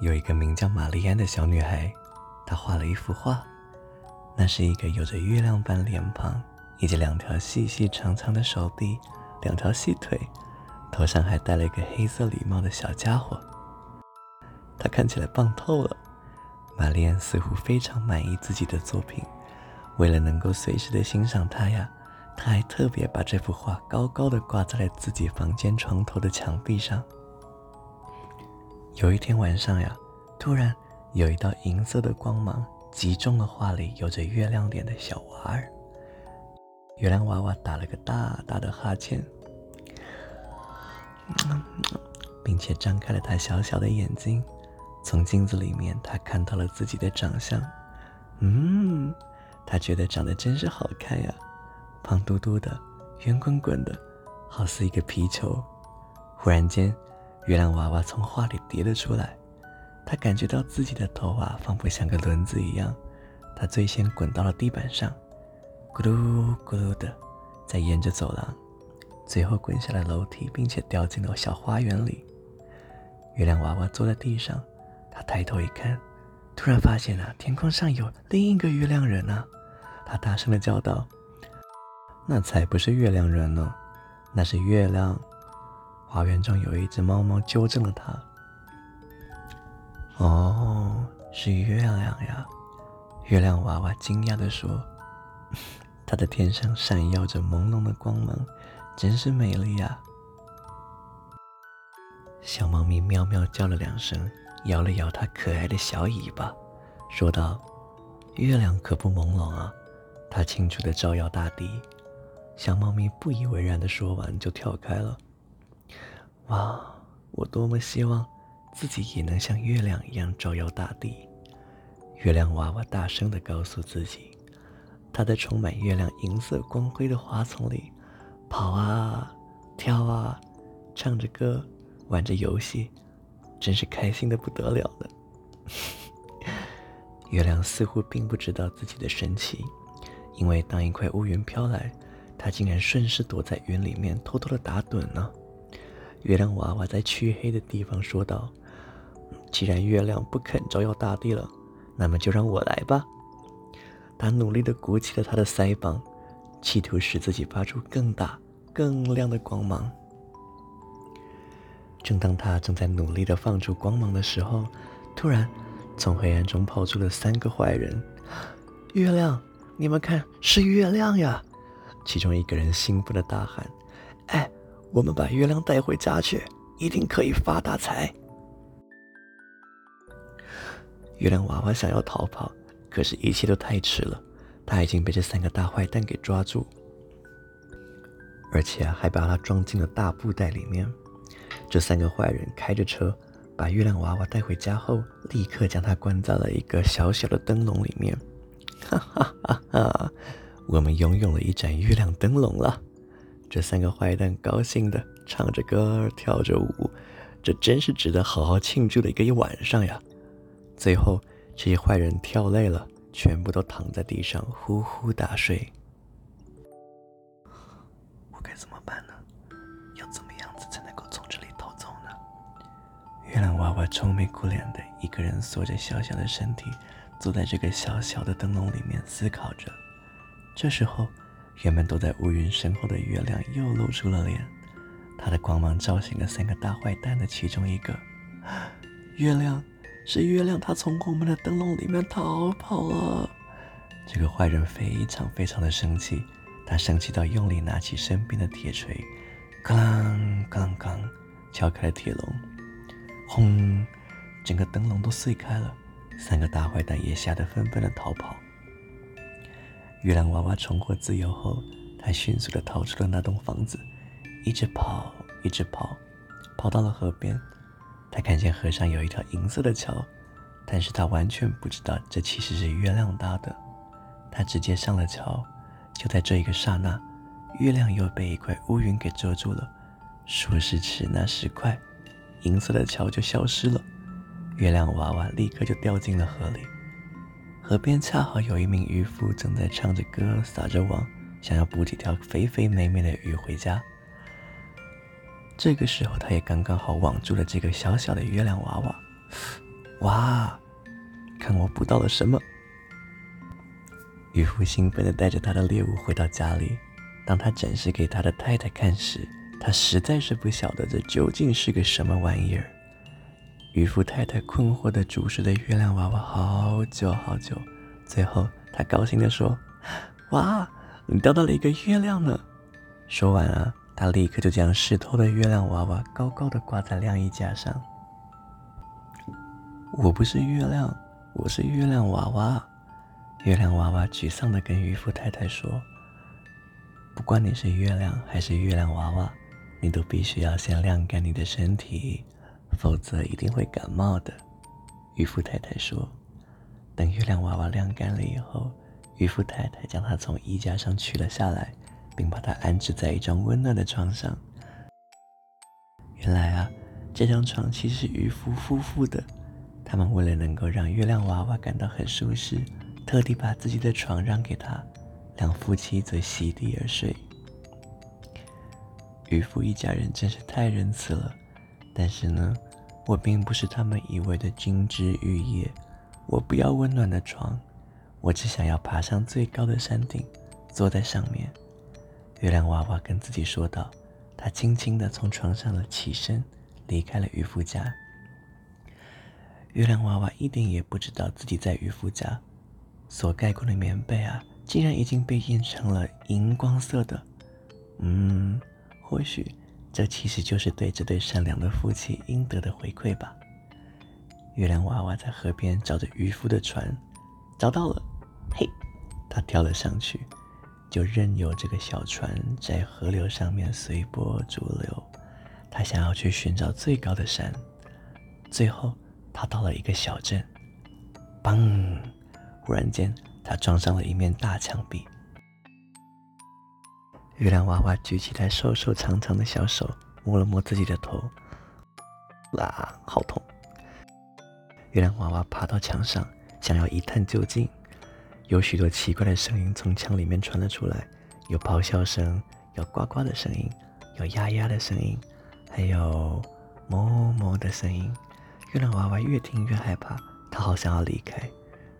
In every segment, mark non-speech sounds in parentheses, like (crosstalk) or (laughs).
有一個名叫瑪麗安的小女孩，她畫了一幅畫，那是一個有着月亮般臉龐，以及兩條細細長長長的手臂、兩條細腿，頭上還戴了一個黑色禮帽的小傢伙。他看起來棒透了。瑪麗安似乎非常滿意自己的作品，為了能夠隨時的欣賞它呀，她還特別把這幅畫高高的掛在了自己房間床頭的牆壁上。有一天晚上呀，突然有一道銀色的光芒擊中了畫裡有着月亮臉的小娃兒。月亮娃娃打了個大大的哈欠，嗯，並且張開了他小小的眼睛，從鏡子裡面他看到了自己的長相。嗯，他覺得長得真是好看呀，胖嘟嘟的，圓滾滾的，好似一個皮球。忽然間。月亮娃娃從畫裡跌了出來，他感覺到自己的頭髮仿佛像個輪子一樣，他最先滾到了地板上，咕嚕咕嚕的，在沿着走廊，最後滾下了樓梯，並且掉進了小花園裡。月亮娃娃坐在地上，他抬頭一看，突然發現啊，天空上有另一個月亮人呢、啊，他大聲的叫道：“那才不是月亮人呢，那是月亮。”花園中有一隻貓貓糾正了它。哦，是月亮呀！月亮娃娃驚訝地說呵呵：“它的天上閃耀着朦朧的光芒，真是美麗呀。”小貓咪喵喵叫了兩聲，搖了搖它可愛的小尾巴，說道：“月亮可不朦朧啊，它清楚地照耀大地。”小貓咪不以為然地說完就跳開了。哇！我多麼希望自己也能像月亮一樣照耀大地。月亮娃娃大聲地告訴自己：“他在充滿月亮銀色光輝的花叢裡跑啊跳啊，唱着歌，玩着遊戲，真是開心的不得了了。 (laughs) ”月亮似乎並不知道自己的神奇，因為當一塊烏雲飄來，它竟然順勢躲在雲裡面，偷偷的打盹了、啊。月亮娃娃在黢黑的地方說道：“既然月亮不肯照耀大地了，那麼就讓我來吧。”他努力的鼓起了他的腮幫，企圖使自己發出更大、更亮的光芒。正當他正在努力的放出光芒的時候，突然從黑暗中跑出了三個壞人。“月亮，你們看，是月亮呀！”其中一個人興奮的大喊：“哎我們把月亮帶回家去，一定可以發大財。月亮娃娃想要逃跑，可是一切都太遲了，他已經被這三個大壞蛋給抓住，而且還把他裝進了大布袋裡面。這三個壞人開着車把月亮娃娃帶回家後，立刻將他關在了一個小小的燈籠裡面。哈哈哈哈哈，我們擁有了一盞月亮燈籠了。這三個壞蛋高興地唱着歌，跳着舞，這真是值得好好慶祝的一個一晚上呀！最後，這些壞人跳累了，全部都躺在地上呼呼大睡。我該怎麼辦呢？要怎麼樣子才能夠從這裡逃走呢？月亮娃娃愁眉苦臉的，一個人縮着小小的身體，坐在這個小小的燈籠裡面思考着。這時候。原本躲在烏雲身後的月亮又露出了臉，它的光芒照醒了三個大壞蛋的其中一個。月亮是月亮，它從我們的燈籠裡面逃跑了。這個壞人非常非常的生氣，他生氣到用力拿起身邊的鐵錘，哐啷哐啷哐，敲開了鐵籠，轟，整個燈籠都碎開了，三個大壞蛋也嚇得紛紛的逃跑。月亮娃娃重獲自由後，他迅速地逃出了那棟房子，一直跑，一直跑，跑到了河邊。他看見河上有一條銀色的橋，但是他完全不知道這其實是月亮搭的。他直接上了橋，就在這一個剎那，月亮又被一塊烏雲給遮住了。說時遲，那時快，銀色的橋就消失了，月亮娃娃立刻就掉進了河裡。河邊恰好有一名漁夫正在唱着歌撒着網，想要捕幾條肥肥美美的魚回家。這個時候，他也剛剛好網住了這個小小的月亮娃娃。哇，看我捕到了什麼！漁夫興奮地帶着他的獵物回到家裡。當他展示給他的太太看時，他實在是不曉得這究竟是個什麼玩意兒。漁夫太太困惑地注視着月亮娃娃好久好久，最後她高興地說：“哇，你釣到，到了一個月亮呢！”說完啊，她立刻就將濕透的月亮娃娃高高的掛在晾衣架上。“我不是月亮，我是月亮娃娃。”月亮娃娃沮喪地跟漁夫太太說：“不管你是月亮還是月亮娃娃，你都必須要先晾乾你的身體。”否則一定會感冒的，漁夫太太說。等月亮娃娃晾乾了以後，漁夫太太將它從衣架上取了下來，並把它安置在一張溫暖的床上。原來啊，這張床其實是漁夫夫婦的，他們為了能夠讓月亮娃娃感到很舒適，特地把自己的床讓給他，兩夫妻則席地而睡。漁夫一家人真是太仁慈了。但是呢，我並不是他們以為的金枝玉葉。我不要溫暖的床，我只想要爬上最高的山頂，坐在上面。月亮娃娃跟自己說道，他輕輕地從床上的起身，離開了漁夫家。月亮娃娃一點也不知道自己在漁夫家所蓋過的棉被啊，竟然已經被印成了熒光色的。嗯，或許。這其實就是對這對善良的夫妻應得的回饋吧。月亮娃娃在河邊找着漁夫的船，找到了，嘿，他跳了上去，就任由這個小船在河流上面隨波逐流。他想要去尋找最高的山，最後他到了一個小鎮，砰！忽然間，他撞上了一面大牆壁。月亮娃娃舉起他瘦瘦長長的小手，摸了摸自己的頭，哇、啊，好痛！月亮娃娃爬到牆上，想要一探究竟。有許多奇怪的聲音從牆裡面傳了出來，有咆哮聲，有呱呱的聲音，有呀呀的聲音，還有哞哞的聲音。月亮娃娃越聽越害怕，他好像要離開。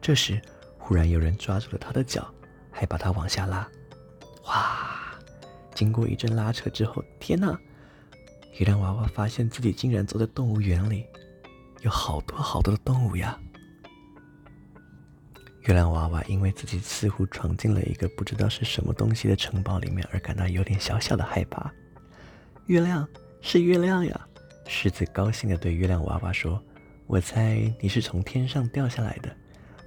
這時，忽然有人抓住了他的腳，還把他往下拉，哇！經過一陣拉扯之後，天哪！月亮娃娃發現自己竟然坐在動物園裡，有好多好多的動物呀。月亮娃娃因為自己似乎闖進了一個不知道是什麼東西的城堡裡面而感到有點小小的害怕。月亮是月亮呀，獅子高興地對月亮娃娃說：“我猜你是從天上掉下來的。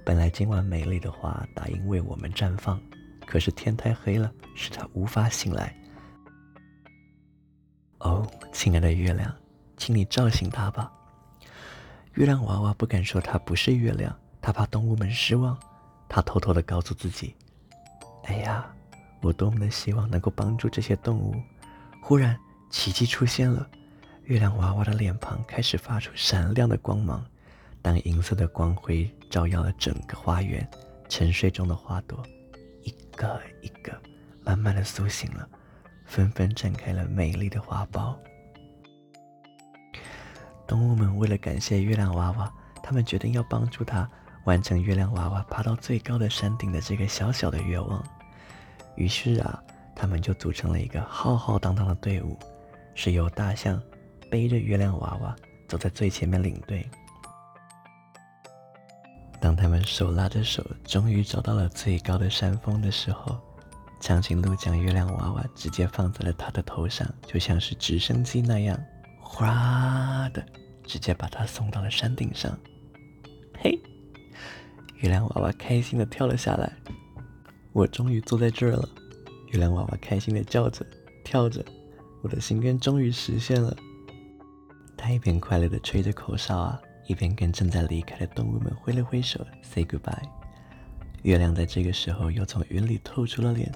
本來今晚美麗的花答應為我們綻放。”可是天太黑了，使他無法醒來。哦，親愛的月亮，請你照醒他吧！月亮娃娃不敢說他不是月亮，他怕動物們失望。他偷偷地告訴自己：“哎呀，我多麼的希望能夠幫助這些動物！”忽然，奇蹟出現了，月亮娃娃的臉龐開始發出閃亮的光芒，當銀色的光輝照耀了整個花園，沉睡中的花朵。一個一個慢慢的甦醒了，紛紛綻開了美麗的花苞。動物們為了感謝月亮娃娃，他們決定要幫助他完成月亮娃娃爬到最高的山頂的這個小小的願望。於是啊，他們就組成了一個浩浩蕩蕩的隊伍，是由大象背着月亮娃娃走在最前面領隊。當他們手拉着手，終於找到了最高的山峰的時候，長頸鹿將月亮娃娃直接放在了他的頭上，就像是直升機那樣，嘩的直接把他送到了山頂上。嘿，月亮娃娃開心的跳了下來，我終於坐在這兒了。月亮娃娃開心的叫着，跳着，我的心願終於實現了。他一邊快樂的吹着口哨啊，一邊跟正在離開的動物們揮了揮手，say goodbye。月亮在這個時候又從雲裡透出了臉，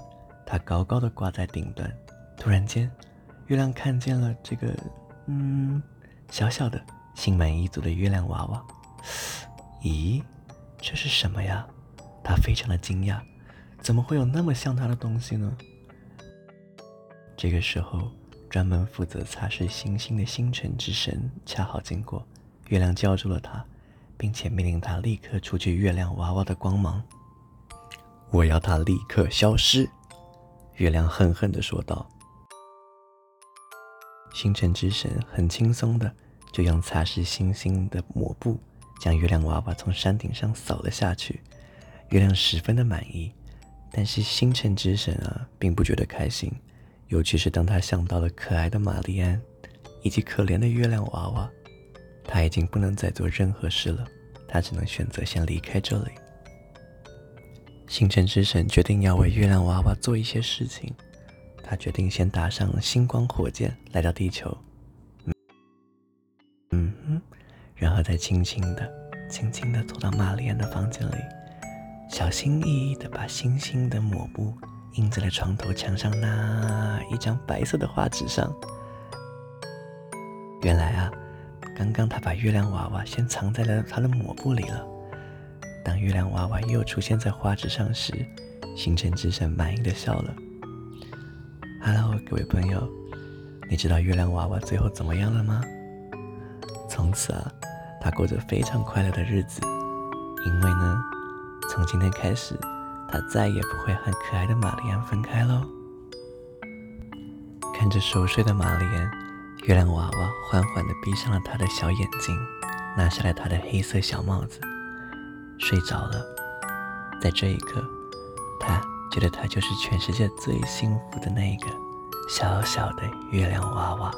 它高高的掛在頂端。突然間，月亮看見了這個，嗯，小小的心滿意足的月亮娃娃。咦，這是什麼呀？它非常的驚訝，怎麼會有那麼像它的東西呢？這個時候，專門負責擦拭，擦拭星星的星辰之神恰好經過。月亮叫住了他，並且命令他立刻除去月亮娃娃的光芒。我要它立刻消失！月亮狠狠地說道。星辰之神很輕鬆地就用擦拭星星的抹布將月亮娃娃從山頂上掃了下去。月亮十分的滿意，但是星辰之神啊並不覺得開心，尤其是當他想到了可愛的瑪麗安以及可憐的月亮娃娃。他已經不能再做任何事了，他只能選擇先離開這裡。星辰之神決定要為月亮娃娃做一些事情，他決定先搭上星光火箭來到地球，嗯哼、嗯嗯，然後再輕輕的、輕輕的走到瑪麗安的房間裡，小心翼翼的把星星的抹布印在了床頭牆上那一張白色的畫紙上。原來啊。剛剛他把月亮娃娃先藏在了他的抹布裡了。當月亮娃娃又出現在花枝上時，星辰之神滿意的笑了。Hello，各位朋友，你知道月亮娃娃最後怎麼樣了嗎？從此啊，他過着非常快樂的日子，因為呢，從今天開始，他再也不會和很可愛的瑪麗安分開嘍。看着熟睡的瑪麗安。月亮娃娃緩緩地閉上了他的小眼睛，拿下了他的黑色小帽子，睡着了。在這一刻，他覺得他就是全世界最幸福的那個小小的月亮娃娃。